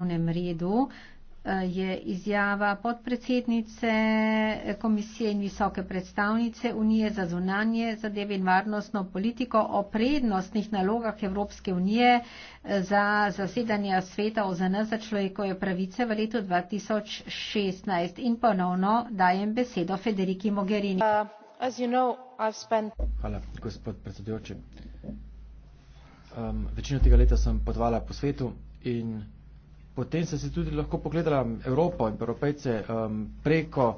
javnem redu eh, je izjava podpredsednice eh, komisije in visoke predstavnice Unije za zunanje zadeve in varnostno politiko o prednostnih nalogah Evropske unije eh, za zasedanje sveta OZN za človekove pravice v letu 2016. In ponovno dajem besedo Federiki Mogherini. Uh, you know, spent... Hvala, gospod predsedujoči. Um, večino tega leta sem podvala po svetu in potem sem se tudi lahko pogledala Evropo in Evropejce um, preko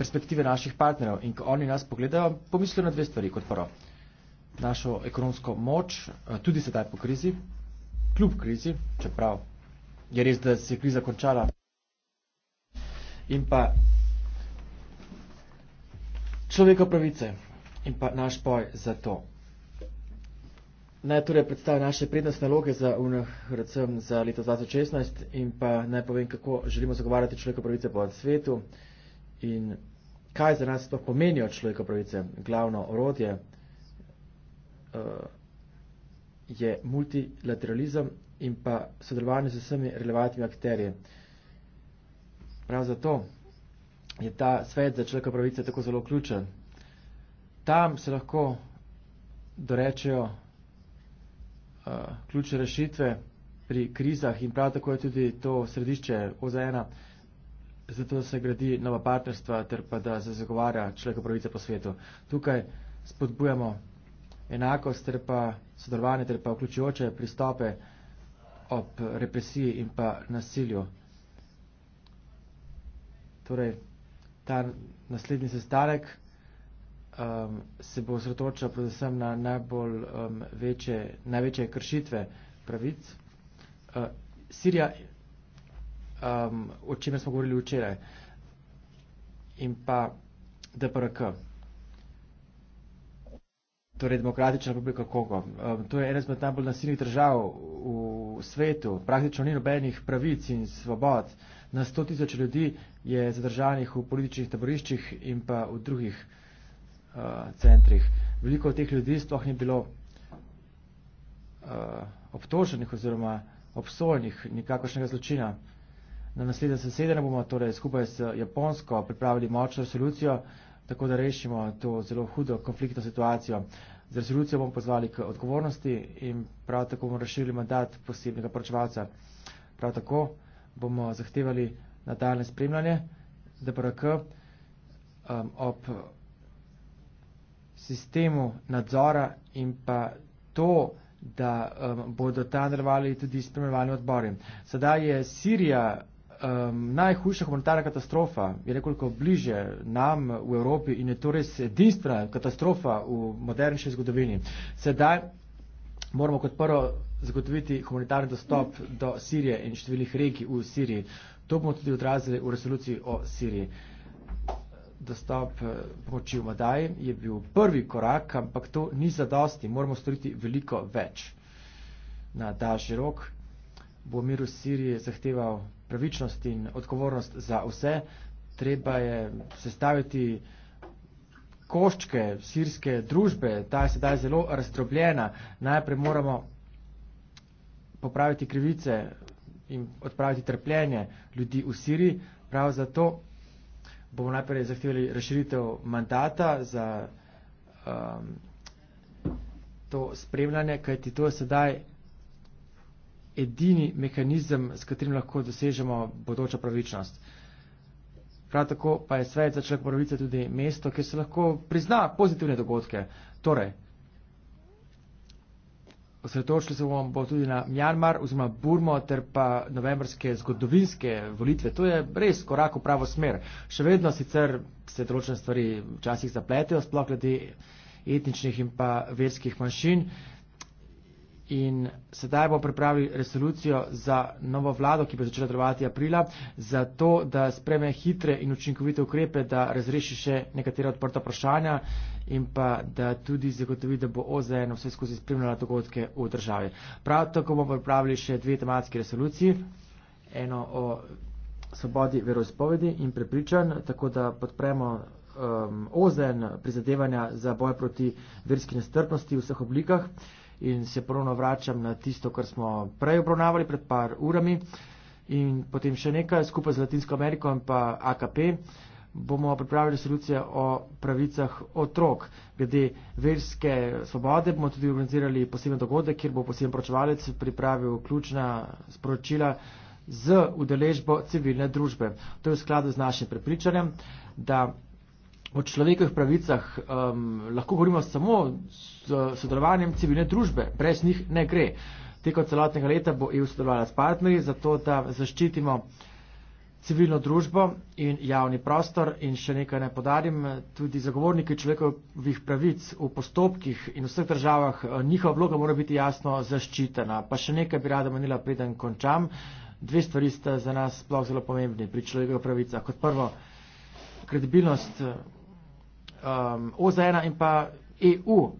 perspektive naših partnerov. In ko oni nas pogledajo, pomislijo na dve stvari kot prvo. Našo ekonomsko moč, eh, tudi sedaj po krizi, kljub krizi, čeprav je res, da se je kriza končala. In pa človeka pravice in pa naš poj za to. Naj torej predstavim naše prednost naloge za UNHRC za leto 2016 in pa naj povem, kako želimo zagovarjati človeko pravice po svetu in kaj za nas to pomenijo človeko pravice. Glavno orodje uh, je multilateralizem in pa sodelovanje z vsemi relevantnimi akterji. Prav zato je ta svet za človeko pravice tako zelo ključen. Tam se lahko dorečejo uh, ključ rešitve pri krizah in prav tako je tudi to središče OZN-a, zato da se gradi nova partnerstva ter pa da se zagovarja človeka pravice po svetu. Tukaj spodbujamo enakost ter pa sodelovanje ter pa vključujoče pristope ob represiji in pa nasilju. Torej, ta naslednji sestanek um, se bo osredotočila predvsem na najbolj um, večje, največje kršitve pravic. Uh, Sirija, um, o čemer smo govorili včeraj, in pa DPRK, torej Demokratična republika Kongo. Um, to je ena izmed najbolj nasilnih držav v svetu. Praktično ni nobenih pravic in svobod. Na 100 tisoč ljudi je zadržanih v političnih taboriščih in pa v drugih uh, uh, centrih. Veliko teh ljudi sploh ni bilo uh, obtoženih oziroma obsojenih nikakršnega zločina. Na naslednje sesedene bomo torej skupaj s Japonsko pripravili močno resolucijo, tako da rešimo to zelo hudo konfliktno situacijo. Z resolucijo bomo pozvali k odgovornosti in prav tako bomo razširili mandat posebnega poročevalca. Prav tako bomo zahtevali nadaljne spremljanje DPRK um, ob sistemu nadzora in pa to, da um, bodo ta nadaljevali tudi spremljevalni odbori. Sedaj je Sirija um, najhujša humanitarna katastrofa, je nekoliko bliže nam v Evropi in je to res edinstvena katastrofa v modernši zgodovini. Sedaj moramo kot prvo zagotoviti humanitarni dostop do Sirije in številnih regij v Siriji. To bomo tudi odrazili v resoluciji o Siriji. Uh, dostop eh, pomoči v Madaji je bil prvi korak, ampak to ni zadosti, moramo storiti veliko več. Na daljši rok bo mir v Siriji zahteval pravičnost in odgovornost za vse, treba je sestaviti koščke sirske družbe, ta je sedaj zelo razdrobljena, najprej moramo popraviti krivice in odpraviti trpljenje ljudi v Siriji, prav zato bomo najprej zahtevali razširitev mandata za um, to spremljanje, kajti to je sedaj edini mehanizem, s katerim lahko dosežemo bodočo pravičnost. Prav tako pa je svet za človek pravice tudi mesto, kjer se lahko prizna pozitivne dogodke. Torej, osredotočili se bomo tudi na Mjanmar oziroma Burmo ter pa novembrske zgodovinske volitve. To je res korak v pravo smer. Še vedno sicer se določene stvari včasih zapletejo, sploh glede etničnih in pa verskih manjšin in sedaj bo pripravil resolucijo za novo vlado, ki bo začela delovati aprila, za to, da spreme hitre in učinkovite ukrepe, da razreši še nekatera odprta vprašanja in pa da tudi zagotovi, da bo OZN vse skozi spremljala dogodke v državi. Prav tako bomo pripravili še dve tematske resoluciji, eno o svobodi veroizpovedi in prepričanj, tako da podpremo um, OZN prizadevanja za boj proti verski nestrpnosti v vseh oblikah in se ponovno vračam na tisto, kar smo prej obravnavali pred par urami. In potem še nekaj skupaj z Latinsko Ameriko in pa AKP bomo pripravili resolucijo o pravicah otrok. Glede verske svobode bomo tudi organizirali posebno dogodek, kjer bo poseben pročevalec pripravil ključna sporočila z udeležbo civilne družbe. To je v skladu z našim prepričanjem, da o človekovih pravicah um, lahko govorimo samo s sodelovanjem civilne družbe, brez njih ne gre. Teko celotnega leta bo EU sodelovala s partnerji, zato da zaščitimo civilno družbo in javni prostor in še nekaj ne podarim, tudi zagovorniki človekovih pravic v postopkih in v vseh državah, eh, njihova vloga mora biti jasno zaščitena. Pa še nekaj bi rada menila, preden končam. Dve stvari sta za nas sploh zelo pomembni pri človekovih pravicah. Kot prvo, kredibilnost eh, um, OZN in pa EU.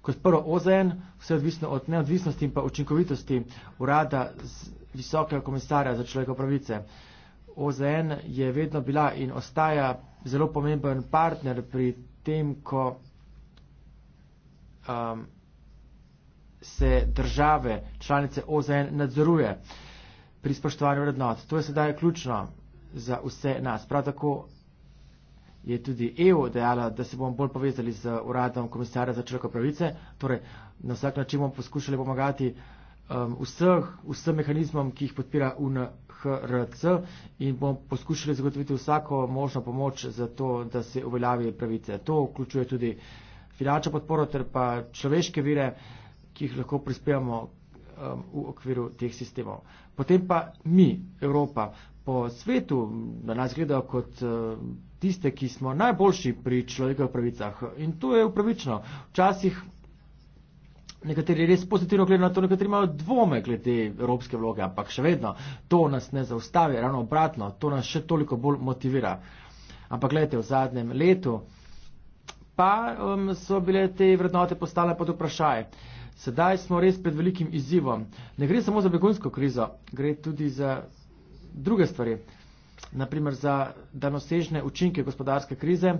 Kot prvo OZN, vse odvisno od neodvisnosti in pa učinkovitosti urada visokega komisarja za človekove pravice. OZN je vedno bila in ostaja zelo pomemben partner pri tem, ko um, se države, članice OZN nadzoruje pri spoštovanju vrednot. To je sedaj ključno za vse nas. Prav tako je tudi EU dejala, da se bomo bolj povezali z uradom komisarja za človekove pravice. Torej, na vsak način bomo poskušali pomagati um, vseh, vsem mehanizmom, ki jih podpira UNHRC in bomo poskušali zagotoviti vsako možno pomoč za to, da se uveljavi pravice. To vključuje tudi finančno podporo ter pa človeške vire, ki jih lahko prispevamo um, v okviru teh sistemov. Potem pa mi, Evropa, po svetu nas gledajo kot eh, tiste, ki smo najboljši pri človekovih pravicah. In to je upravično. Včasih nekateri res pozitivno gledajo na to, nekateri imajo dvome glede evropske vloge, ampak še vedno to nas ne zaustavi, ravno obratno, to nas še toliko bolj motivira. Ampak gledajte, v zadnjem letu pa um, so bile te vrednote postale pod vprašaj. Sedaj smo res pred velikim izzivom. Ne gre samo za begunsko krizo, gre tudi za druge stvari, naprimer za danosežne učinke gospodarske krize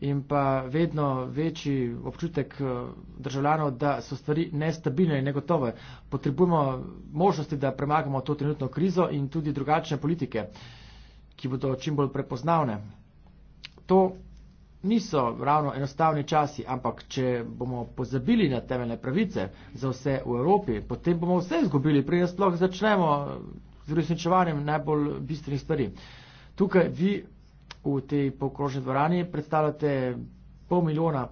in pa vedno večji občutek eh, državljanov, da so stvari nestabilne in negotove. Potrebujemo možnosti, da premagamo to trenutno krizo in tudi drugačne politike, ki bodo čim bolj prepoznavne. To niso ravno enostavni časi, ampak če bomo pozabili na temeljne pravice za vse v Evropi, potem bomo vse izgubili, prej sploh začnemo z uresničevanjem najbolj bistvenih stvari. Tukaj vi v tej pokrožni dvorani predstavljate pol milijona,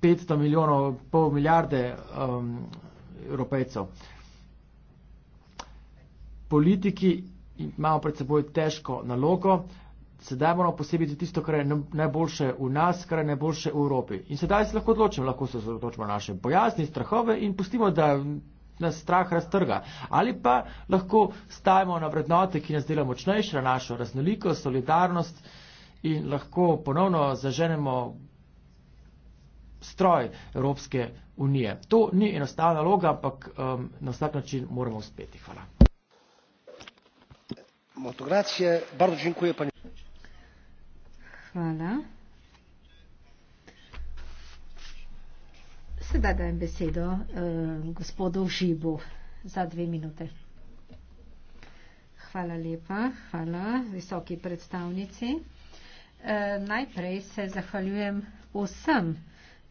500 milijonov, pol milijarde um, evropejcev. Politiki imamo pred seboj težko nalogo, sedaj moramo posebej tisto, kar je najboljše v nas, kar je najboljše v Evropi. In sedaj se lahko odločimo, lahko se odločimo naše bojazni, strahove in pustimo, da nas strah raztrga. Ali pa lahko stajmo na vrednote, ki nas dela močnejše, na našo raznolikost, solidarnost in lahko ponovno zaženemo stroj Evropske unije. To ni enostavna loga, ampak um, na vsak način moramo uspeti. Hvala. Motogracije, bardzo dziękuję pani. Hvala. sedaj dajem besedo eh, gospodu Žibu za dve minute. Hvala lepa, hvala visoki predstavnici. Eh, najprej se zahvaljujem vsem,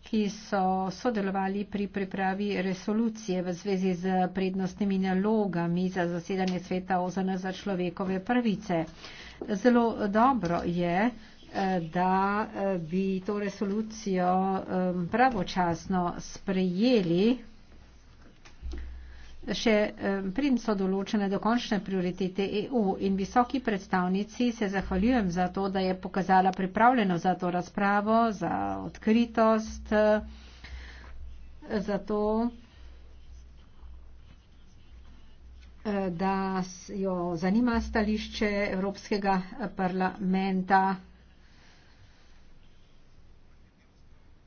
ki so sodelovali pri pripravi resolucije v zvezi z prednostnimi nalogami za zasedanje sveta OZN za človekove pravice. Zelo dobro je, da eh, bi to resolucijo pravočasno sprejeli. Še prim so določene dokončne prioritete EU in visoki predstavnici se zahvaljujem za to, da je pokazala pripravljeno za to razpravo, za odkritost, eh, za to, eh, da jo zanima stališče Evropskega parlamenta.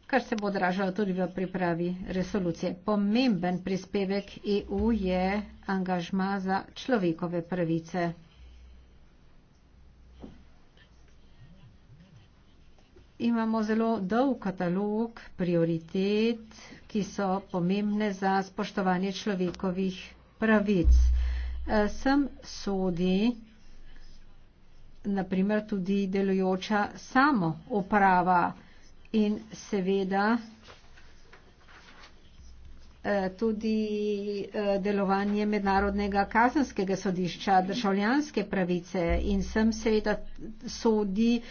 kar se bo odražalo tudi v pripravi resolucije. Pomemben prispevek EU je angažma za človekove pravice. Imamo zelo dolg katalog prioritet, ki so pomembne za spoštovanje človekovih pravic. Eh, sem sodi naprimer tudi delujoča samo uprava in seveda eh, tudi eh, delovanje mednarodnega kazanskega sodišča, državljanske pravice in sem seveda sodi eh,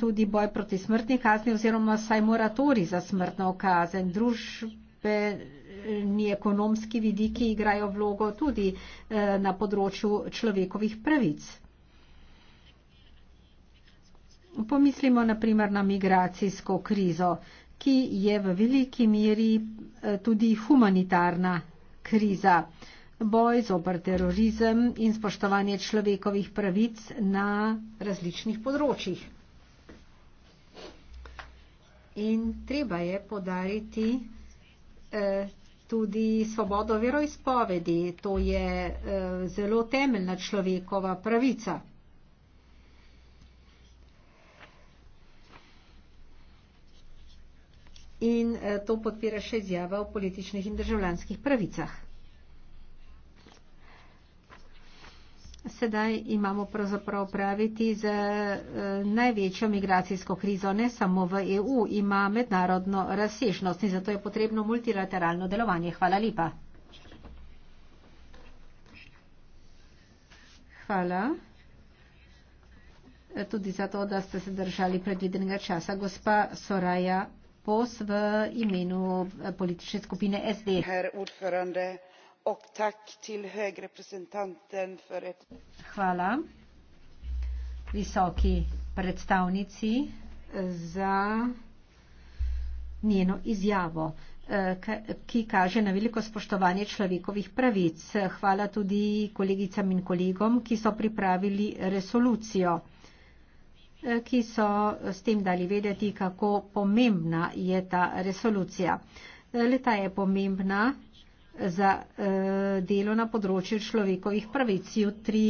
tudi boj proti smrtni kazni oziroma saj moratori za smrtno kazen. Družbeni ekonomski vidiki igrajo vlogo tudi na področju človekovih pravic. Pomislimo naprimer na migracijsko krizo, ki je v veliki meri eh, tudi humanitarna kriza. Boj zopr terorizem in spoštovanje človekovih pravic na različnih področjih. In treba je podariti eh, tudi svobodo veroizpovedi. To je eh, zelo temeljna človekova pravica. in eh, to podpira še izjava o političnih in državljanskih pravicah. Sedaj imamo pravzaprav praviti z eh, največjo migracijsko krizo, ne samo v EU, ima mednarodno razsežnost in zato je potrebno multilateralno delovanje. Hvala lepa. Hvala eh, tudi za to, da ste se držali predvidenega časa. Gospa Soraja Vos v imenu eh, politične skupine SD. Hvala visoki predstavnici eh, za njeno izjavo, eh, ki kaže na veliko spoštovanje človekovih pravic. Hvala tudi kolegicam in kolegom, ki so pripravili resolucijo. Eh, ki so s tem dali vedeti, kako pomembna je ta resolucija. Eh, leta je pomembna za eh, delo na področju človekovih pravic. Jutri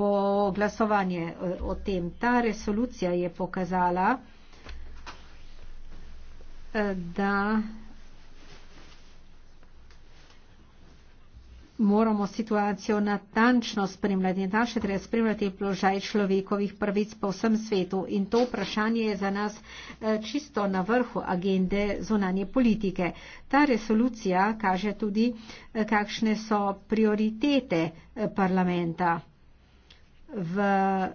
bo glasovanje o tem. Ta resolucija je pokazala, da moramo situacijo natančno spremljati in še treba spremljati položaj človekovih prvic po vsem svetu. In to vprašanje je za nas eh, čisto na vrhu agende zunanje politike. Ta resolucija kaže tudi, eh, kakšne so prioritete eh, parlamenta v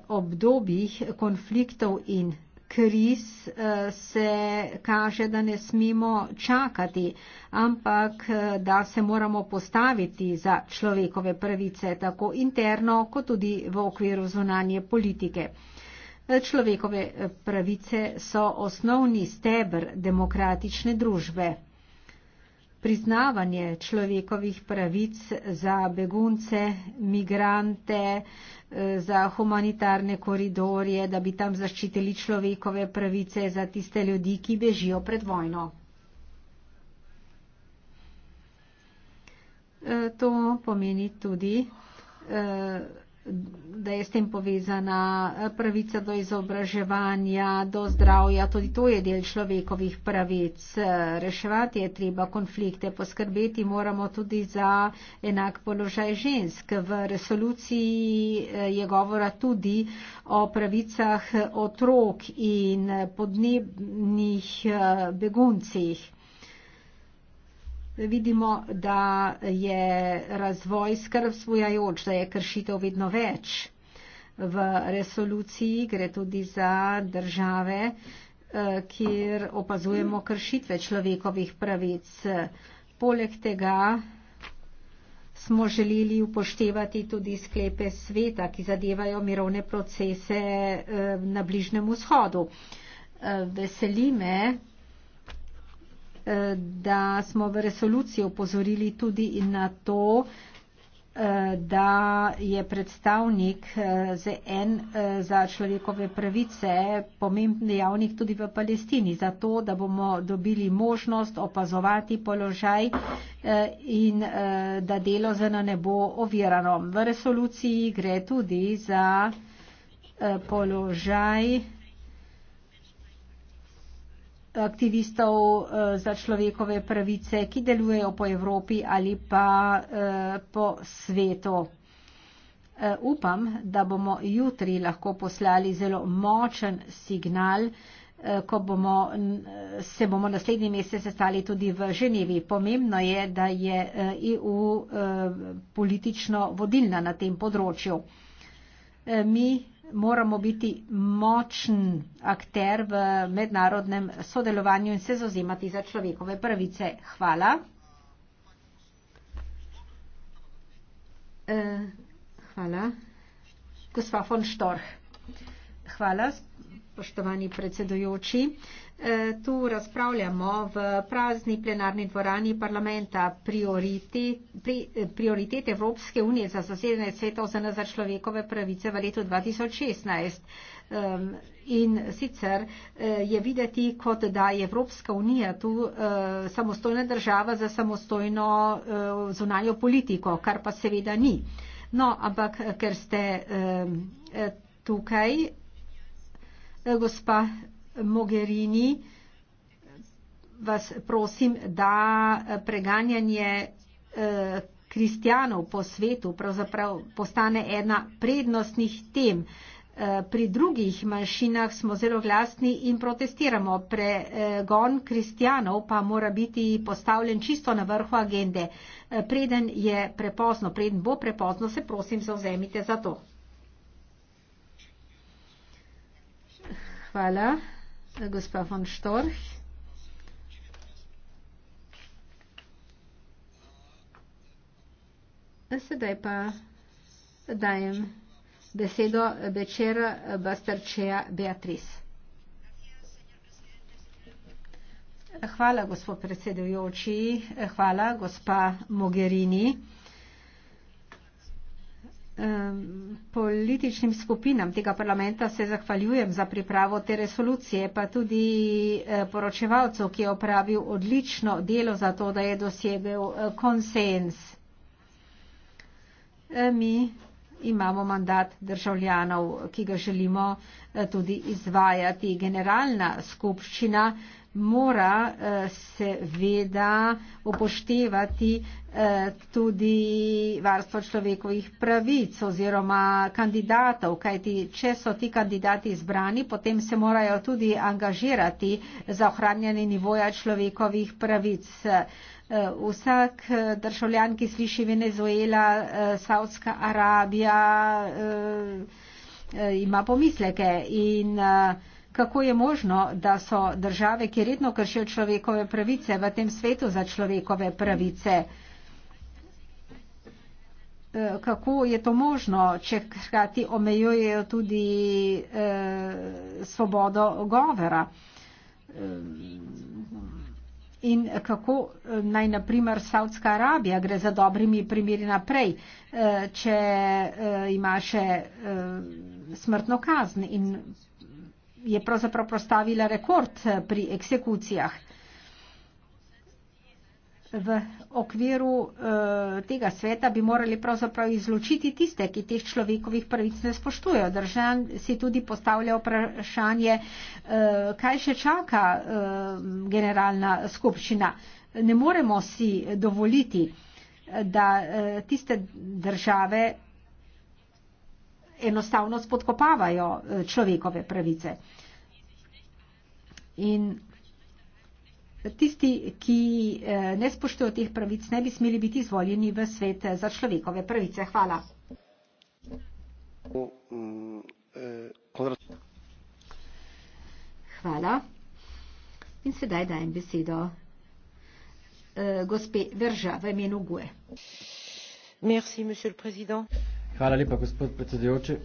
obdobjih konfliktov in kriz eh, se kaže, da ne smemo čakati, ampak eh, da se moramo postaviti za človekove pravice, tako interno, kot tudi v okviru zvonanje politike. Eh, človekove pravice so osnovni stebr demokratične družbe priznavanje človekovih pravic za begunce, migrante, eh, za humanitarne koridorje, da bi tam zaščitili človekove pravice za tiste ljudi, ki bežijo pred vojno. Eh, to pomeni tudi eh, da je s tem povezana pravica do izobraževanja, do zdravja, tudi to je del človekovih pravic. Reševati je treba konflikte, poskrbeti moramo tudi za enak položaj žensk. V resoluciji eh, je govora tudi o pravicah otrok in podnebnih eh, beguncih vidimo, da je razvoj skrb svojajoč, da je kršitev vedno več. V resoluciji gre tudi za države, eh, kjer opazujemo kršitve človekovih pravic. Poleg tega smo želeli upoštevati tudi sklepe sveta, ki zadevajo mirovne procese eh, na Bližnem vzhodu. Eh, veseli me, Eh, da smo v resoluciji upozorili tudi na to, eh, da je predstavnik eh, ZN za človekove pravice pomembni dejavnik tudi v Palestini, zato da bomo dobili možnost opazovati položaj in da delo ZN ne bo ovirano. V resoluciji gre tudi za položaj aktivistov eh, za človekove pravice, ki delujejo po Evropi ali pa eh, po svetu. Eh, upam, da bomo jutri lahko poslali zelo močen signal, ko bomo, se bomo naslednji mesec sestali tudi v Ženevi. Pomembno je, da je EU e politično vodilna na tem področju. Mi moramo biti močen akter v mednarodnem sodelovanju in se zauzemati za človekove pravice. Hvala. Uh, hvala. Gospa von Storch. Hvala, spoštovani predsedujoči. Uh, Eh, tu razpravljamo v prazni plenarni dvorani parlamenta eh, prioritete Evropske unije za zasedanje sveta OZN za človekove pravice v letu 2016. In sicer eh, je videti, kot da je Evropska unija tu samostojna država za samostojno zunanjo politiko, kar pa seveda ni. No, ampak ker ste tukaj, gospa Mogherini, vas prosim, da eh, preganjanje eh, kristjanov po svetu pravzaprav postane ena prednostnih tem. Eh, pri drugih manjšinah smo zelo glasni in protestiramo. Pregon kristjanov pa mora biti postavljen čisto na vrhu agende. Preden je prepozno, preden bo prepozno, se prosim zauzemite za to. Hvala gospa von Storch. Sedaj pa dajem besedo večer Bastarčeja Beatriz. Hvala, gospod predsedujoči. Hvala, gospa Mogherini političnim skupinam tega parlamenta se zahvaljujem za pripravo te resolucije, pa tudi eh, poročevalcu, ki je opravil odlično delo za to, da je dosegel eh, konsens. E, mi imamo mandat državljanov, ki ga želimo eh, tudi izvajati. Generalna skupščina mora eh, seveda upoštevati eh, tudi varstvo človekovih pravic oziroma kandidatov, kajti če so ti kandidati izbrani, potem se morajo tudi angažirati za ohranjanje nivoja človekovih pravic. Eh, vsak državljan, ki sliši Venezuela, Saudska Arabija, ima pomisleke in uh, kako je možno, da so države, ki redno kršijo človekove pravice v tem svetu za človekove pravice, eh, kako je to možno, če hkrati omejujejo tudi eh, svobodo govora. Eh, in kako eh, naj naprimer Saudska Arabija gre za dobrimi primeri naprej, če ima še smrtno kazn in je pravzaprav postavila rekord eh, pri eksekucijah. V okviru uh, tega sveta bi morali pravzaprav izločiti tiste, ki teh človekovih pravic ne spoštujejo. Držan si tudi postavlja vprašanje, uh, kaj še čaka uh, generalna skupščina. Ne moremo si dovoliti, da uh, tiste države enostavno spodkopavajo eh, človekove pravice. In tisti, ki eh, ne spoštujo teh pravic, ne bi smeli biti izvoljeni v svet eh, za človekove pravice. Hvala. Hvala. In sedaj dajem besedo gospe Verža v imenu GUE. Merci, monsieur le président. Hvala lepa, gospod predsedujoči.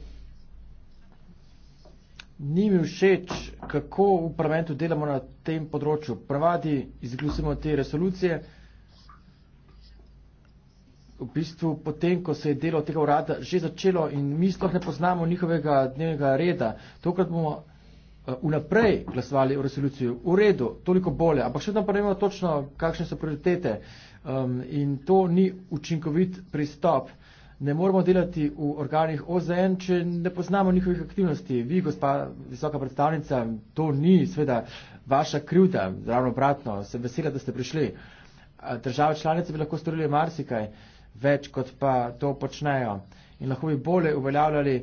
Ni mi všeč, kako v parlamentu delamo na tem področju. Pravadi izglasujemo te resolucije. V bistvu potem, ko se je delo tega urada že začelo in mi sploh ne poznamo njihovega dnevnega reda, tokrat bomo eh, vnaprej glasovali o resoluciji. V redu, toliko bolje, ampak še vedno pa ne vemo točno, kakšne so prioritete. Um, in to ni učinkovit pristop ne moramo delati v organih OZN, če ne poznamo njihovih aktivnosti. Vi, gospa visoka predstavnica, to ni sveda vaša krivda, ravno obratno, sem vesela, da ste prišli. Države članice bi lahko storili marsikaj več, kot pa to počnejo in lahko bi bolje uveljavljali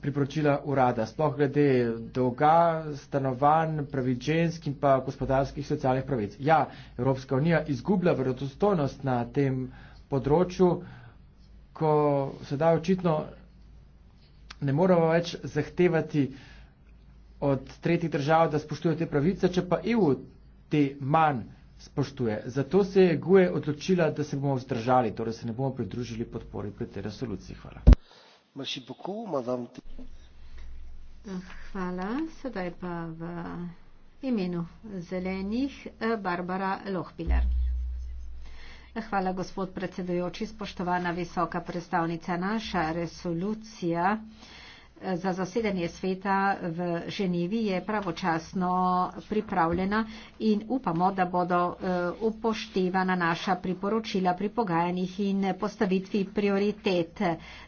priporočila urada, sploh glede dolga, stanovanj, pravic žensk in pa gospodarskih socialnih pravic. Ja, Evropska unija izgublja verodostojnost na tem področju ko sedaj očitno ne moramo več zahtevati od tretjih držav, da spoštujejo te pravice, če pa EU te manj spoštuje. Zato se je GUE odločila, da se bomo vzdržali, torej se ne bomo pridružili podpori pri tej resoluciji. Hvala. Hvala. Sedaj pa v imenu zelenih eh, Barbara Lohbiler. Hvala, gospod predsedujoči. Spoštovana visoka predstavnica, naša resolucija eh, za zasedanje sveta v Ženevi je pravočasno pripravljena in upamo, da bodo eh, upoštevana naša priporočila pri pogajanjih in postavitvi prioritet.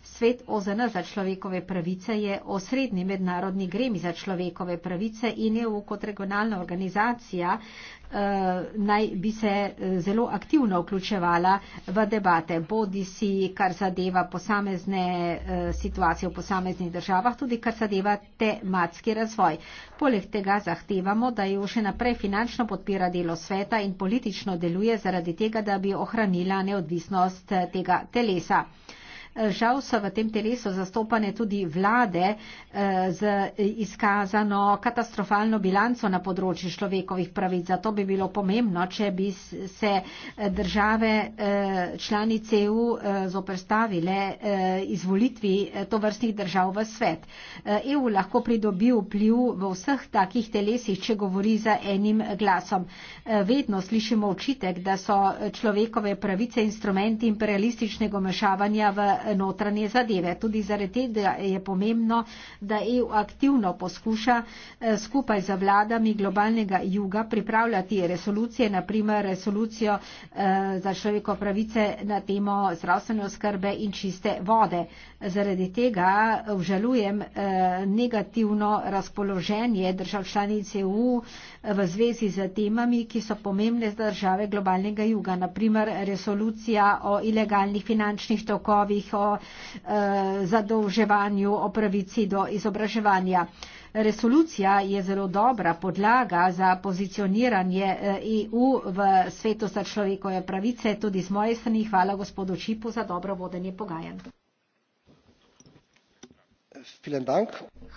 Svet OZN za človekove pravice je osrednji mednarodni gremi za človekove pravice in EU kot regionalna organizacija Eh, naj bi se eh, zelo aktivno vključevala v debate, bodi si kar zadeva posamezne eh, situacije v posameznih državah, tudi kar zadeva tematski razvoj. Poleg tega zahtevamo, da jo še naprej finančno podpira delo sveta in politično deluje zaradi tega, da bi ohranila neodvisnost tega telesa. Žal so v tem telesu zastopane tudi vlade eh, z izkazano katastrofalno bilanco na področju človekovih pravic. Zato bi bilo pomembno, če bi se eh, države eh, članice EU zoprstavile izvolitvi to vrstnih držav v svet. EU e lahko pridobi vpliv v vseh takih telesih, če govori za enim glasom. Vedno slišimo očitek, da so človekove pravice instrumenti imperialističnega mešavanja v notranje zadeve. Tudi zaradi tega je pomembno, da EU aktivno poskuša eh, skupaj z vladami globalnega juga pripravljati resolucije, naprimer resolucijo eh, za človekov pravice na temo zdravstvene oskrbe in čiste vode. Zaradi tega obžalujem eh, negativno razpoloženje držav članic EU v zvezi z temami, ki so pomembne za države globalnega juga, naprimer resolucija o ilegalnih finančnih tokovih, o eh, zadolževanju, o pravici do izobraževanja. Resolucija je zelo dobra podlaga za pozicioniranje EU eh, e v svetu za človekove pravice. Tudi z moje strani hvala gospodu Čipu za dobro vodenje pogajanj.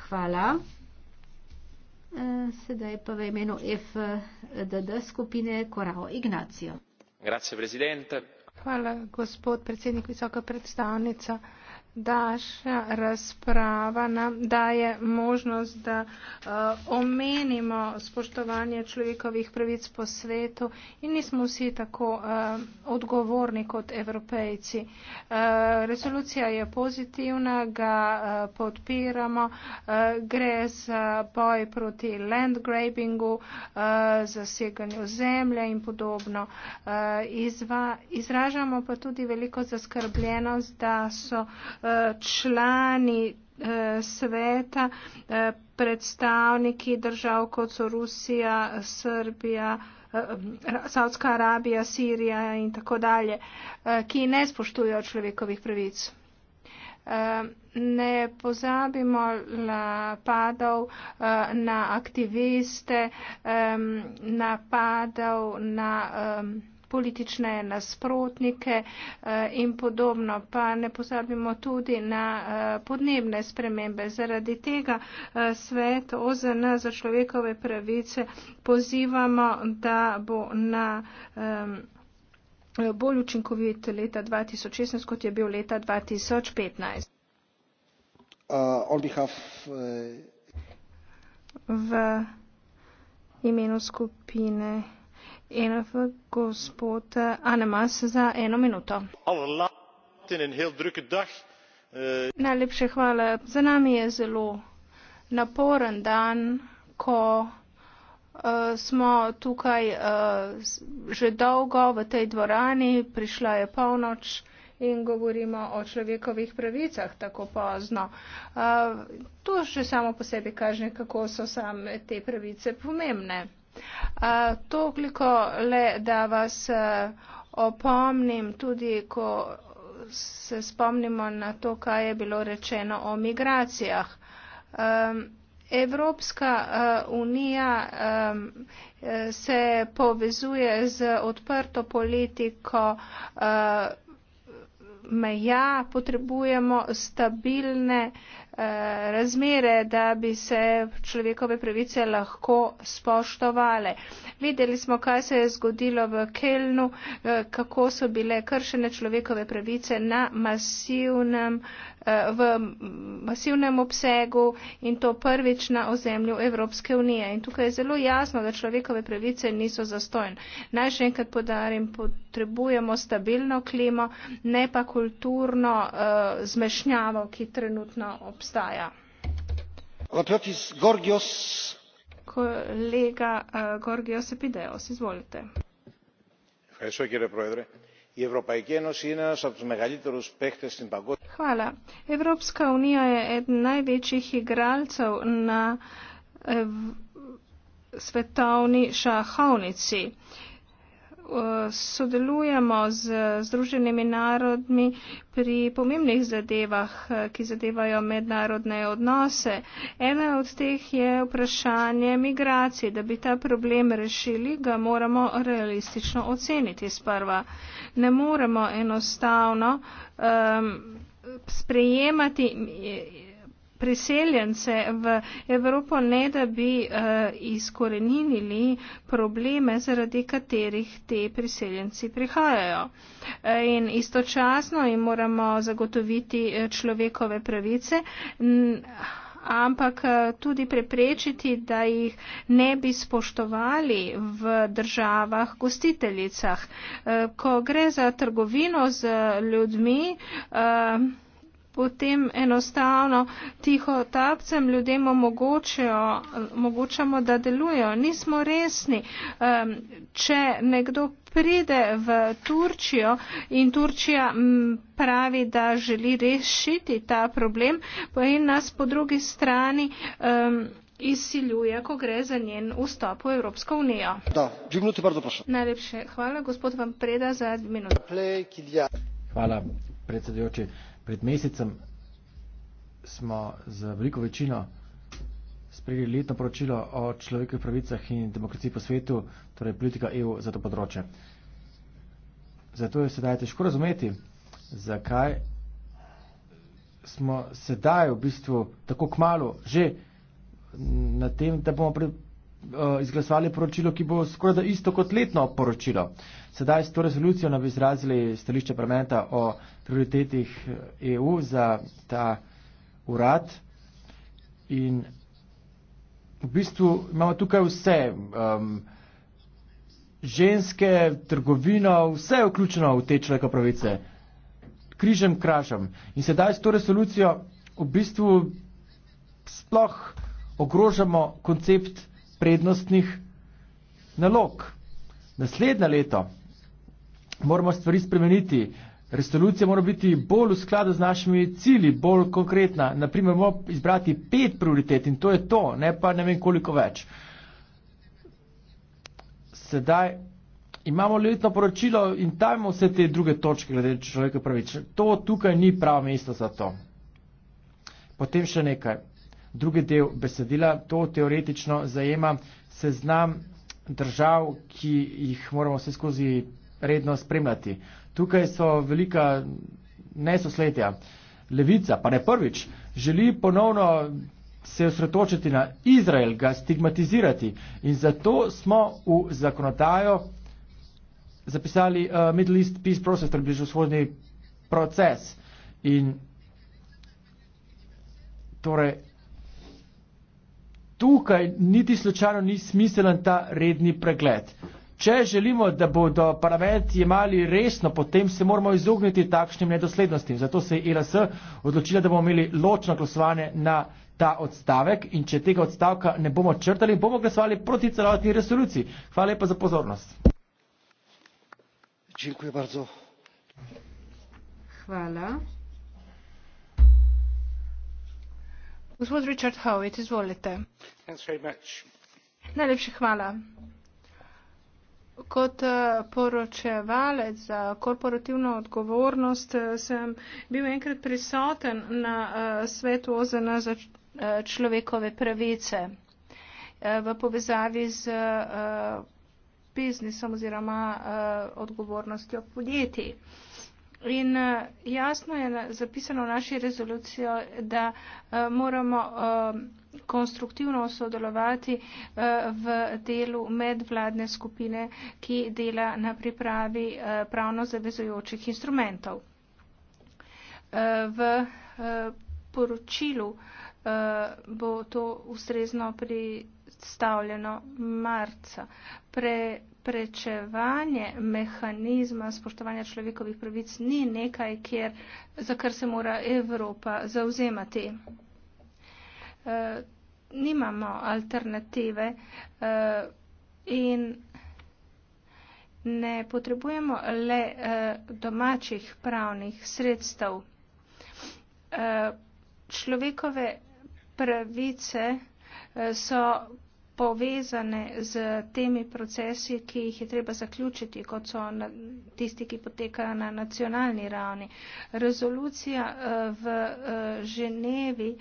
Hvala. Eh, sedaj pa v imenu FDD skupine Korao Ignacio. Grazie, hvala gospod predsednik visoka predstavnica. Daša razprava nam daje možnost, da uh, omenimo spoštovanje človekovih pravic po svetu in nismo vsi tako uh, odgovorni kot evropejci. Uh, resolucija je pozitivna, ga uh, podpiramo, uh, gre za boj proti landgrabingu, uh, zaseganju zemlje in podobno. Uh, izva, izražamo pa tudi veliko zaskrbljenost, da so uh, člani eh, sveta, eh, predstavniki držav kot so Rusija, Srbija, eh, Saudska Arabija, Sirija in tako dalje, ki ne spoštujejo človekovih pravic. Ne pozabimo napadov na aktiviste, napadov na. Napadal na politične nasprotnike eh, in podobno. Pa ne pozabimo tudi na eh, podnebne spremembe. Zaradi tega eh, svet OZN za človekove pravice pozivamo, da bo na bolj učinkovit leta 2016, kot je bil leta 2015. Uh, uh, v imenu skupine in v gospod anamas za eno minuto. Eh, Najlepše hvala. Za nami je zelo naporen dan, ko uh, smo tukaj uh, že dolgo v tej dvorani, prišla je polnoč in govorimo o človekovih pravicah tako pozno. Uh, to še samo po sebi kaže, kako so same te pravice pomembne. Toliko le, da vas opomnim tudi, ko se spomnimo na to, kaj je bilo rečeno o migracijah. Evropska unija se povezuje z odprto politiko meja, potrebujemo stabilne Eh, razmere, da bi se človekove pravice lahko spoštovale. Videli smo, kaj se je zgodilo v Kelnu, eh, kako so bile kršene človekove pravice na masivnem, eh, v masivnem obsegu in to prvič na ozemlju Evropske unije. In tukaj je zelo jasno, da človekove pravice niso zastojne. Naj še enkrat podarim. Pod potrebujemo stabilno klimo, ne pa kulturno uh, zmešnjavo, ki trenutno obstaja. Lapiotis Gorgios. Kolega uh, Gorgios Epideos, izvolite. Hvala. Evropska unija je eden največjih igralcev na ev, eh, svetovni šahovnici. Uh, sodelujemo z Združenimi narodmi pri pomembnih zadevah, ki zadevajo mednarodne odnose. Ena od teh je vprašanje migracij. Da bi ta problem rešili, ga moramo realistično oceniti sprva. Ne moremo enostavno um, sprejemati priseljence v Evropo, ne da bi uh, eh, izkorenili probleme, zaradi katerih te priseljenci prihajajo. Eh, in istočasno jim moramo zagotoviti eh, človekove pravice, ampak tudi preprečiti, da jih ne bi spoštovali v državah gostiteljicah. Ko gre za trgovino z ljudmi, uh, potem enostavno tiho tapcem ljudem omogočamo, da delujejo. Nismo resni, če nekdo pride v Turčijo in Turčija pravi, da želi rešiti ta problem, pa in nas po drugi strani izsiljuje, ko gre za njen vstop v Evropsko unijo. Najlepše hvala, gospod vam preda za minuto. Hvala, predsedujoči pred mesecem smo z veliko večino sprejeli letno poročilo o človekovih pravicah in demokraciji po svetu, torej politika EU za to področje. Zato je sedaj težko razumeti, zakaj smo sedaj v bistvu tako kmalo že na tem, da bomo pri, uh, izglasovali poročilo, ki bo skoraj da isto kot letno poročilo. Sedaj s to resolucijo nam bi izrazili stališče parlamenta o prioritetih EU eh, e za ta urad. In v bistvu imamo tukaj vse, um, ženske, trgovino, vse je vključeno v te človekove pravice, križem, krašem. In sedaj s to resolucijo v bistvu sploh ogrožamo koncept prednostnih nalog. Naslednje leto moramo stvari spremeniti. Resolucija mora biti bolj v skladu z našimi cilji, bolj konkretna. Naprimer, moramo izbrati pet prioritet in to je to, ne pa ne vem koliko več. Sedaj imamo letno poročilo in dajmo vse te druge točke glede človeka pravič. To tukaj ni pravo mesto za to. Potem še nekaj. Drugi del besedila, to teoretično zajema seznam držav, ki jih moramo vse skozi redno spremljati. Tukaj so velika nesosletja. Levica, pa ne prvič, želi ponovno se osredotočiti na Izrael, ga stigmatizirati in zato smo v zakonodajo zapisali uh, Middle East Peace Process, torej bližnjo-vzhodni proces. In torej tukaj niti slučajno ni smiselen ta redni pregled. Uh, Če želimo, da bodo parlament jemali resno, potem se moramo izogniti takšnim nedoslednostim. Zato se je ILS e odločila, da bomo imeli ločno glasovanje na ta odstavek in če tega odstavka ne bomo črtali, bomo glasovali proti celotni resoluciji. Hvala lepa za pozornost. Hvala. Gospod Richard Howitt, izvolite. Najlepša hvala. Kot eh, poročevalec za korporativno odgovornost eh, sem bil enkrat prisoten na eh, svetu OZN za človekove pravice v povezavi z biznisom oziroma odgovornostjo podjetij. In jasno je zapisano v naši rezoluciji, da moramo konstruktivno sodelovati eh, v delu medvladne skupine, ki dela na pripravi eh, pravno zavezujočih instrumentov. Eh, v poročilu bo to ustrezno pristavljeno marca. Pre Prečevanje mehanizma spoštovanja človekovih pravic ni nekaj, kjer, za kar se mora Evropa zauzemati. Eh, nimamo alternative uh, in ne potrebujemo le uh, domačih pravnih sredstev. Uh, človekove pravice uh, so povezane z temi procesi, ki jih je treba zaključiti, kot so na, tisti, ki potekajo na nacionalni ravni. Rezolucija eh, v eh, Ženevi, eh,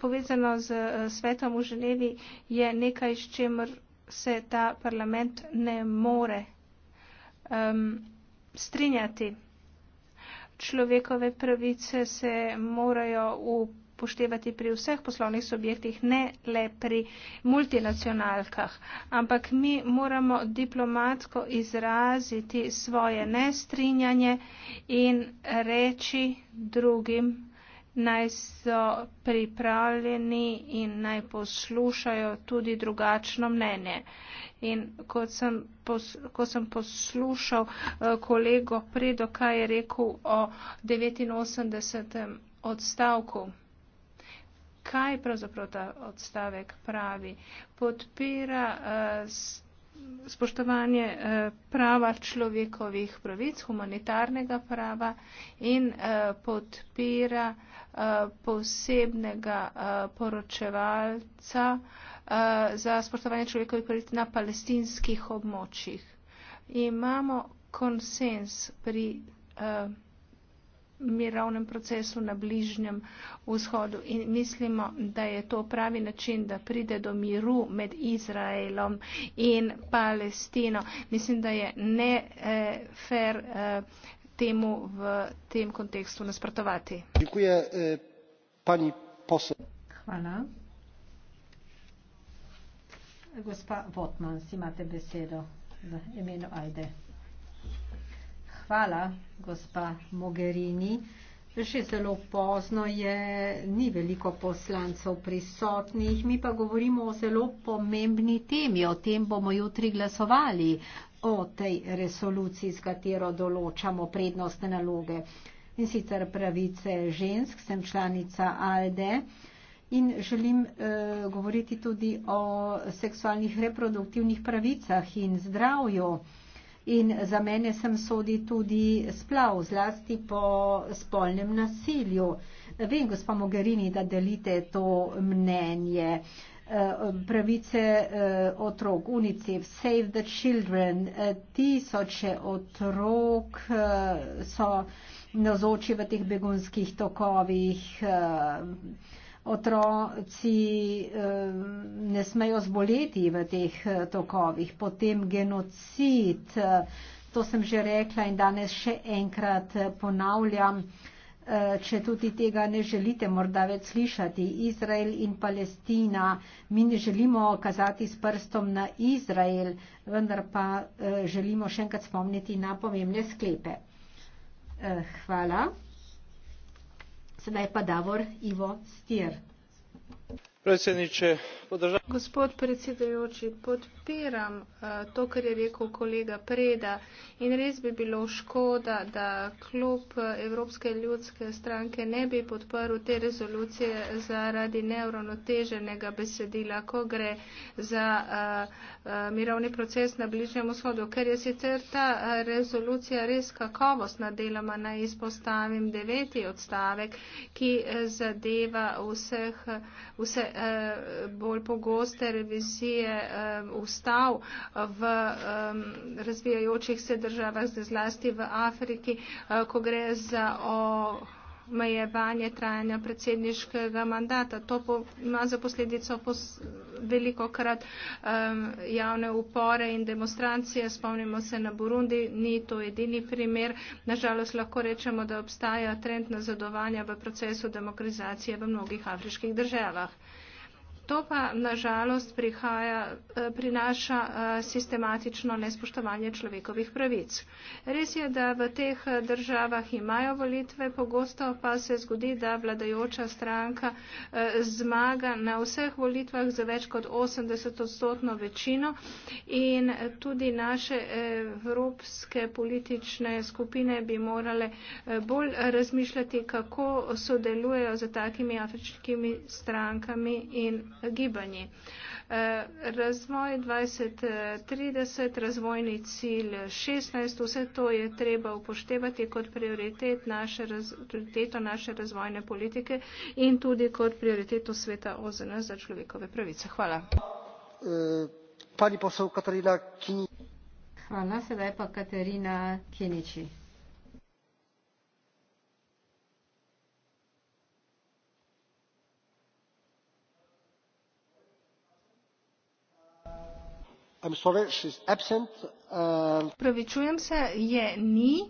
povezano z svetom v Ženevi, je nekaj, s čemer se ta parlament ne more strinjati. Človekove pravice se morajo upoštevati upoštevati pri vseh poslovnih subjektih, ne le pri multinacionalkah, ampak mi moramo diplomatsko izraziti svoje nestrinjanje in reči drugim, naj so pripravljeni in naj poslušajo tudi drugačno mnenje. In kot sem, pos, ko sem poslušal eh, kolego predo, kaj je rekel o 89. odstavku, kaj pravzaprav ta odstavek pravi. Podpira uh, spoštovanje uh, prava človekovih pravic, humanitarnega prava in uh, podpira uh, posebnega uh, poročevalca uh, za spoštovanje človekovih pravic na palestinskih območjih. Imamo konsens pri. Uh, mirovnem procesu na bližnjem vzhodu in mislimo, da je to pravi način, da pride do miru med Izraelom in Palestino. Mislim, da je ne eh, fair eh, temu v tem kontekstu nasprotovati. Eh, Hvala. Gospa Votman, imate besedo v imenu Ajde hvala, gospa Mogherini. Še zelo pozno je, ni veliko poslancev prisotnih, mi pa govorimo o zelo pomembni temi, o tem bomo jutri glasovali, o tej resoluciji, s katero določamo prednostne naloge. In sicer pravice žensk, sem članica ALDE. In želim eh, govoriti tudi o seksualnih reproduktivnih pravicah in zdravju. In za mene sem sodi tudi splav, zlasti po spolnem nasilju. Vem, gospod Mogherini, da delite to mnenje. Eh, pravice eh, otrok, UNICEF, Save the Children, eh, tisoče otrok so nazoči v teh begunskih tokovih otroci eh, ne smejo zboleti v teh eh, tokovih, potem genocid, eh, to sem že rekla in danes še enkrat ponavljam, če tudi tega ne želite morda več slišati, Izrael in Palestina, mi ne želimo kazati s prstom na Izrael, vendar pa želimo še enkrat spomniti na pomembne sklepe. Hvala. Sedaj pa Davor Ivo Stier gospod predsedujoči podpiram eh, to kar je rekel kolega preda in res bi bilo škoda da klub eh, evropske ljudske stranke ne bi podprl te rezolucije zaradi neuravnoteženega besedila ko gre za uh, uh, mirovni proces na bližnjem vzhodu ker je sicer ta rezolucija res kakovostna deloma naj izpostavim deveti odstavek ki zadeva vseh, vse Eh, bolj pogoste revizije eh, ustav v razvijajočih se državah, zlasti v Afriki, eh, ko gre za o mejevanje trajanja predsedniškega mandata. To po, ima za posledico pos, veliko krat um, javne upore in demonstracije. Spomnimo se na Burundi, ni to edini primer. Nažalost lahko rečemo, da obstaja trend nazadovanja v procesu demokratizacije v mnogih afriških državah. To pa nažalost prihaja, eh, prinaša eh, sistematično nespoštovanje človekovih pravic. Res je, da v teh eh, državah imajo volitve, pogosto pa se zgodi, da vladajoča stranka zmaga na vseh volitvah za več kot 80 odstotno večino in tudi naše evropske politične skupine bi morale bolj razmišljati, kako sodelujejo z takimi afriškimi strankami in gibanji. Eh, razvoj 2030, razvojni cilj 16, vse to je treba upoštevati kot prioritet naše, raz, prioriteto naše razvojne politike in tudi kot prioriteto sveta OZN za človekove pravice. Hvala. Eh, pani posel Katarina Kini. Hvala, sedaj pa Katarina Kiniči. I'm sorry, she's absent. Uh... Pravičujem se, je ni.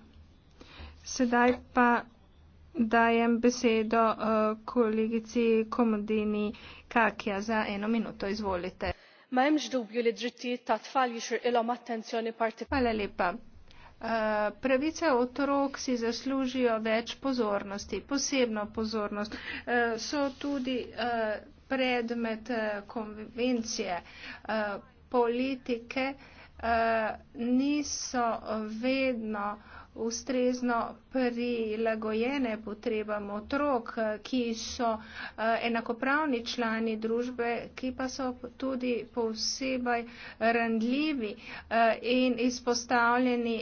Sedaj pa dajem besedo uh, kolegici Komodini Kakija za eno minuto. Izvolite. Hvala lepa. Uh, pravice otrok si zaslužijo več pozornosti, posebno pozornost. Uh, so tudi uh, predmet uh, konvencije. Uh, politike eh, niso vedno ustrezno prilagojene potrebam otrok, ki so eh, enakopravni člani družbe, ki pa so tudi posebej randljivi eh, in izpostavljeni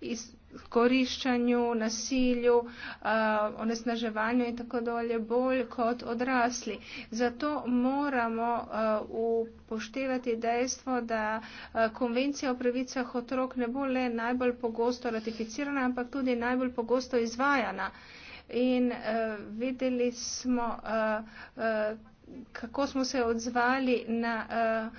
iz koriščanju, nasilju, onesnaževanju in tako dolje bolj kot odrasli. Zato moramo upoštevati dejstvo, da konvencija o pravicah otrok ne bo le najbolj pogosto ratificirana, ampak tudi najbolj pogosto izvajana. In videli smo, kako smo se odzvali na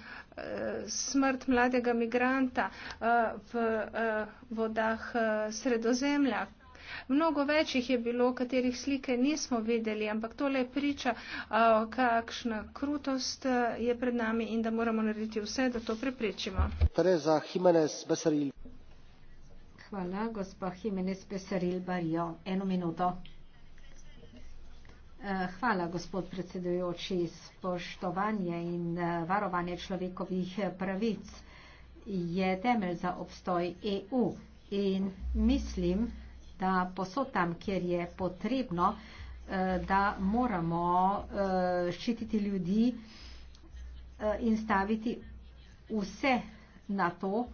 smrt mladega migranta eh, v eh, vodah eh, sredozemlja. Mnogo večjih je bilo, katerih slike nismo videli, ampak tole priča, kakšna krutost je pred nami in da moramo narediti vse, da to preprečimo. Hvala, gospa Jimenez Besaril Barjo. Eno minuto. Eh, hvala, gospod predsedujoči. Spoštovanje in eh, varovanje človekovih eh, pravic je temelj za obstoj EU in mislim, da posod tam, kjer je potrebno, da moramo ščititi ljudi in staviti vse na to,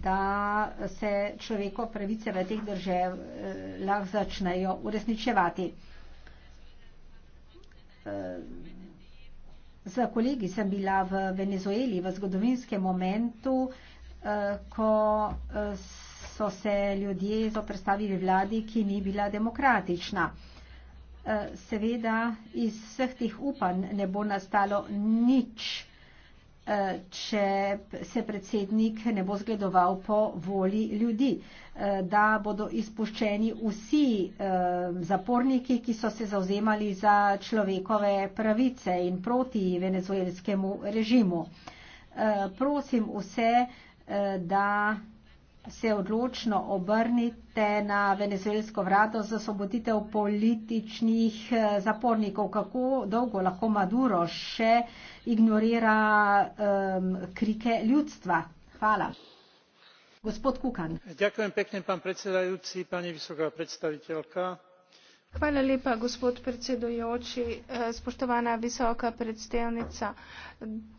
da se človeko pravice v teh državah začnejo uresničevati. Z kolegi sem bila v Venezueli v zgodovinskem momentu, ko so se ljudje zoprstavili vladi, ki ni bila demokratična. Seveda iz vseh tih upanj ne bo nastalo nič nekaj če se predsednik ne bo zgledoval po voli ljudi, eh, da bodo izpuščeni vsi eh, zaporniki, ki so se zauzemali za človekove pravice in proti venezuelskemu režimu. Eh, prosim vse, da se odločno obrnite na venezuelsko vrato za soboditev političnih eh, zapornikov. Kako dolgo lahko Maduro še ignorira um, krike ljudstva? Hvala. Gospod Kukan. Ďakujem pekne, pán predsedajúci, pani vysoká predstaviteľka. Hvala lepa, gospod predsedojoči, eh, spoštovana visoka predstavnica.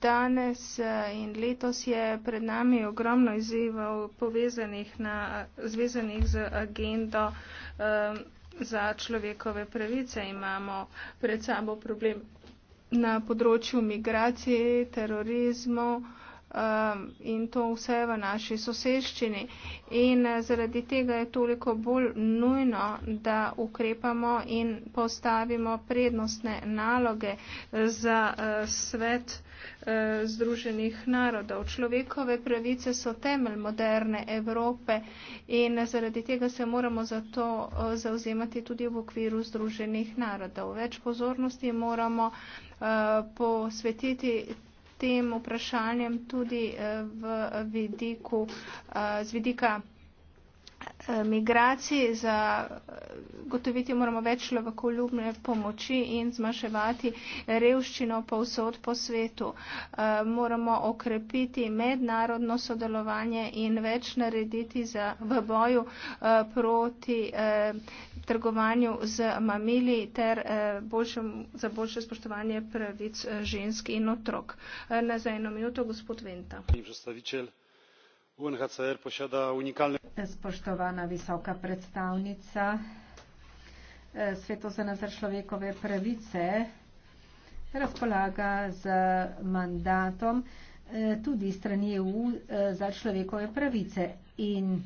Danes eh, in letos je pred nami ogromno izzivov povezanih na, zvezanih z agendo eh, za človekove pravice. Imamo pred sabo problem na področju migracije, terorizmu um, in to vse v naši soseščini. In eh, zaradi tega je toliko bolj nujno, da ukrepamo in postavimo prednostne naloge za uh, svet. Eh, Združenih narodov. Človekove pravice so temelj moderne Evrope in zaradi tega se moramo za to zauzemati tudi v okviru Združenih narodov. Več pozornosti moramo posvetiti tem vprašanjem tudi eh, v vidiku, eh, z vidika Eh, migracij, za eh, gotoviti moramo več človekoljubne pomoči in zmaševati revščino povsod po svetu. Eh, moramo okrepiti mednarodno sodelovanje in več narediti za, v boju proti trgovanju z mamili ter boljšem, za boljše spoštovanje pravic žensk in otrok. Na za eno minuto gospod Venta. Predstavitelj UNHCR posiada unikalne. Spoštovana visoka predstavnica e, Svetozana za človekove pravice razpolaga z mandatom e, tudi strani EU e, za človekove pravice in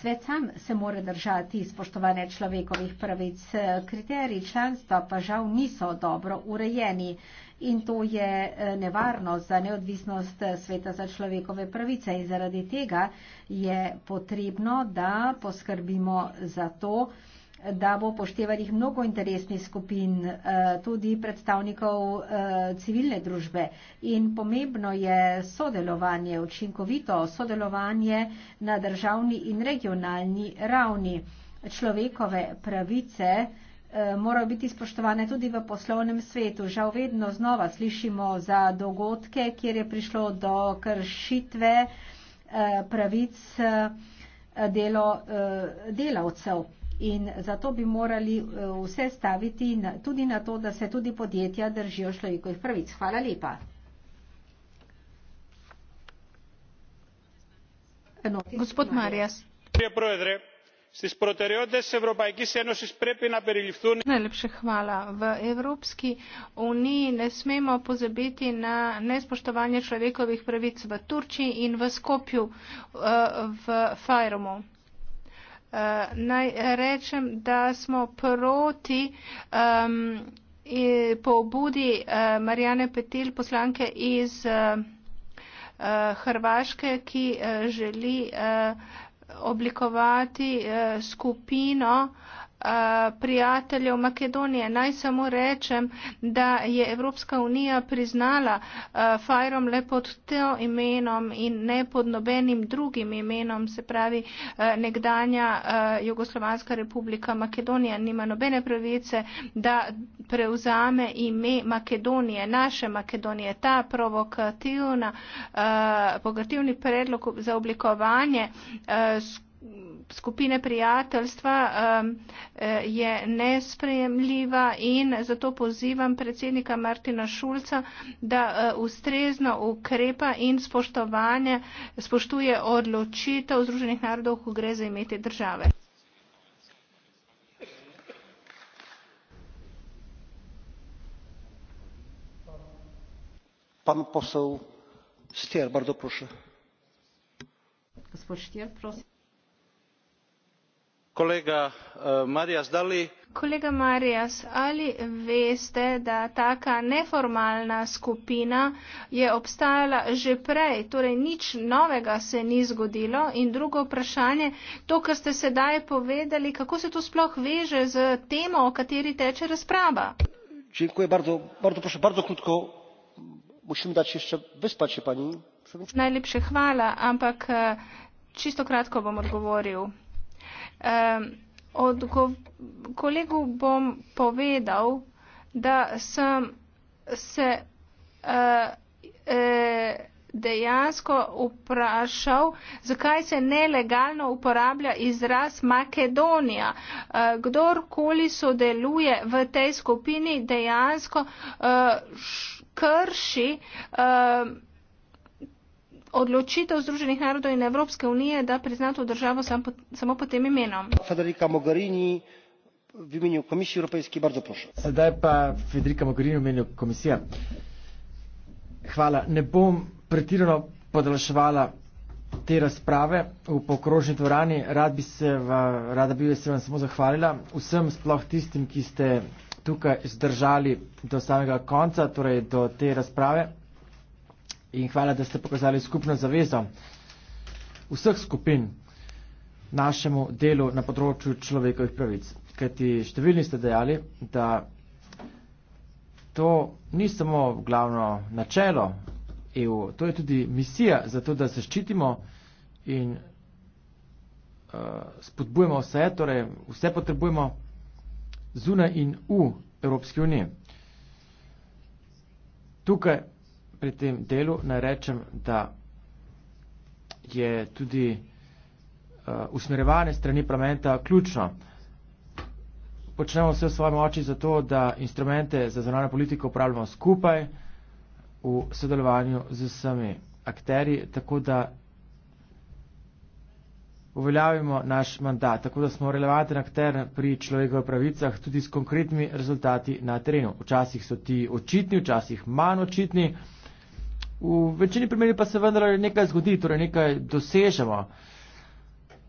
svet sam se mora držati spoštovanja človekovih pravic. Kriteriji članstva pa žal niso dobro urejeni in to je eh, nevarnost za neodvisnost eh, sveta za človekove pravice in zaradi tega je potrebno, da poskrbimo za to, da bo poštevanih mnogo interesnih skupin, eh, tudi predstavnikov civilne družbe. In pomembno je sodelovanje, učinkovito sodelovanje na državni in regionalni ravni. Človekove pravice Eh, morajo biti spoštovane tudi v poslovnem svetu. Žal vedno znova slišimo za dogodke, kjer je prišlo do kršitve eh, pravic eh, delo, delavcev. In zato bi morali vse staviti tudi na to, da se tudi podjetja držijo človekovih pravic. Hvala lepa. No, gospod Marijas. Prije provedre στις προτεραιότητες της Ευρωπαϊκής Ένωσης πρέπει να περιληφθούν... Najlepše hvala. V Evropski uniji ne smemo pozabiti na nespoštovanje človekovih pravic v Turčiji in v Skopju eh, v Fajromu. Eh, naj rečem, da smo proti um, pobudi eh, Marijane Petil, poslanke iz uh, Hrvaške, ki želi uh, oblikovati eh, skupino prijateljev Makedonije. Naj samo rečem, da je Evropska unija priznala uh, Fajrom le pod to imenom in ne pod nobenim drugim imenom, se pravi uh, nekdanja uh, Jugoslovanska republika Makedonija nima nobene pravice, da preuzame ime Makedonije, naše Makedonije. Ta provokativna, uh, provokativni predlog za oblikovanje uh, skupine prijateljstva um, eh, je nesprejemljiva in zato pozivam predsednika Martina Šulca, da eh, ustrezno ukrepa in spoštovanje, spoštuje odločitev Združenih narodov, ko gre za imeti države. Pan posel Stier, bardzo proszę. Gospod Stier, prosim kolega eh, marias ali veste da taka neformalna skupina je obstajala že prej torej nič novega se ni zgodilo in drugo vprašanje to kar ste sedaj povedali kako se to sploh veže z temo o kateri teče razprava najlepše hvala ampak eh, čisto kratko bom odgovoril eh, odgo, kolegu bom povedal, da sem se eh, eh, dejansko vprašal, zakaj se nelegalno uporablja izraz Makedonija. Eh, kdorkoli sodeluje v tej skupini, dejansko eh, š, krši. Eh, odločitev Združenih narodov in Evropske unije, da prizna to državo sam po, samo po tem imenu. Federica Mogherini v imenu Komisije Evropske unije, bardzo prosim. Sedaj pa Federica Mogherini v imenu Komisije. Hvala. Ne bom pretirano podaljševala te razprave v pokrožni dvorani. Rad bi se vam, rada bi se vam samo zahvalila vsem sploh tistim, ki ste tukaj zdržali do samega konca, torej do te razprave in hvala, da ste pokazali skupno zavezo vseh skupin našemu delu na področju človekovih pravic. Kajti številni ste dejali, da to ni samo glavno načelo EU, to je tudi misija za to, da se ščitimo in uh, spodbujemo vse, torej vse potrebujemo zunaj in v Evropski uniji. Tukaj pri tem delu narečem, da je tudi uh, usmerjevanje strani parlamenta ključno. Počnemo vse v svojem oči zato, da instrumente za zvonanje politiko upravljamo skupaj v sodelovanju z vsemi akteri, tako da uveljavimo naš mandat, tako da smo relevanten akter pri človekovih pravicah tudi s konkretnimi rezultati na terenu. Včasih so ti očitni, včasih manj očitni. V večini primerjih pa se vendarle nekaj zgodi, torej nekaj dosežemo.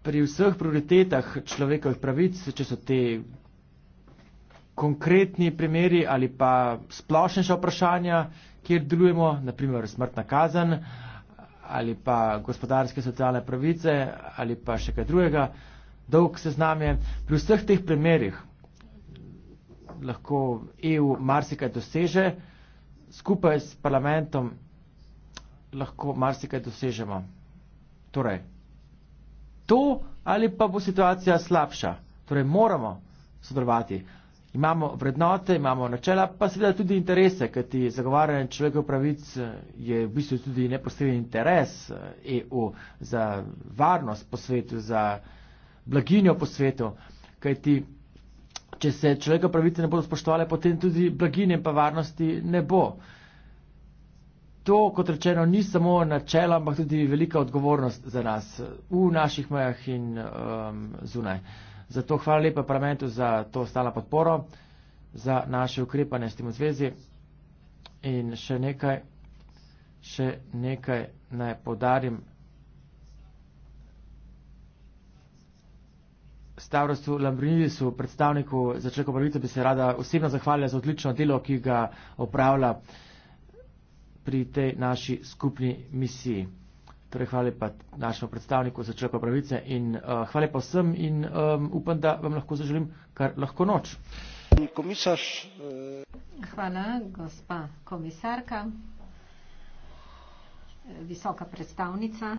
Pri vseh prioritetah človekovih pravic, če so te konkretni primeri ali pa splošnejša vprašanja, kjer delujemo, naprimer smrtna kazen ali pa gospodarske socialne pravice ali pa še kaj drugega, dolg se z nami. Pri vseh teh primerjih lahko EU marsikaj doseže skupaj s parlamentom lahko marsikaj dosežemo. Torej, to ali pa bo situacija slabša. Torej, moramo sodelovati. Imamo vrednote, imamo načela, pa seveda tudi interese, kajti zagovarjanje človekov pravic eh, je v bistvu tudi neposreden interes EU eh, e za varnost po svetu, za blaginjo po svetu, kajti če se človekov pravice ne bodo spoštovali, potem tudi blaginje pa varnosti ne bo. Uh, to, kot rečeno, ni samo načela, ampak tudi velika odgovornost za nas v naših mejah in um, zunaj. Zato hvala lepa parlamentu za to stala podporo, za naše ukrepanje s tem v zvezi. In še nekaj, še nekaj naj podarim. Stavrostu Lambrinidisu, predstavniku začetka pravice, bi se rada osebno zahvalila za odlično delo, ki ga opravlja pri tej naši skupni misiji. Torej, hvala pa našemu predstavniku za človekove pravice in uh, hvala pa vsem in um, upam, da vam lahko zaželim kar lahko noč. Komisarš, eh... Hvala, gospa komisarka, visoka predstavnica.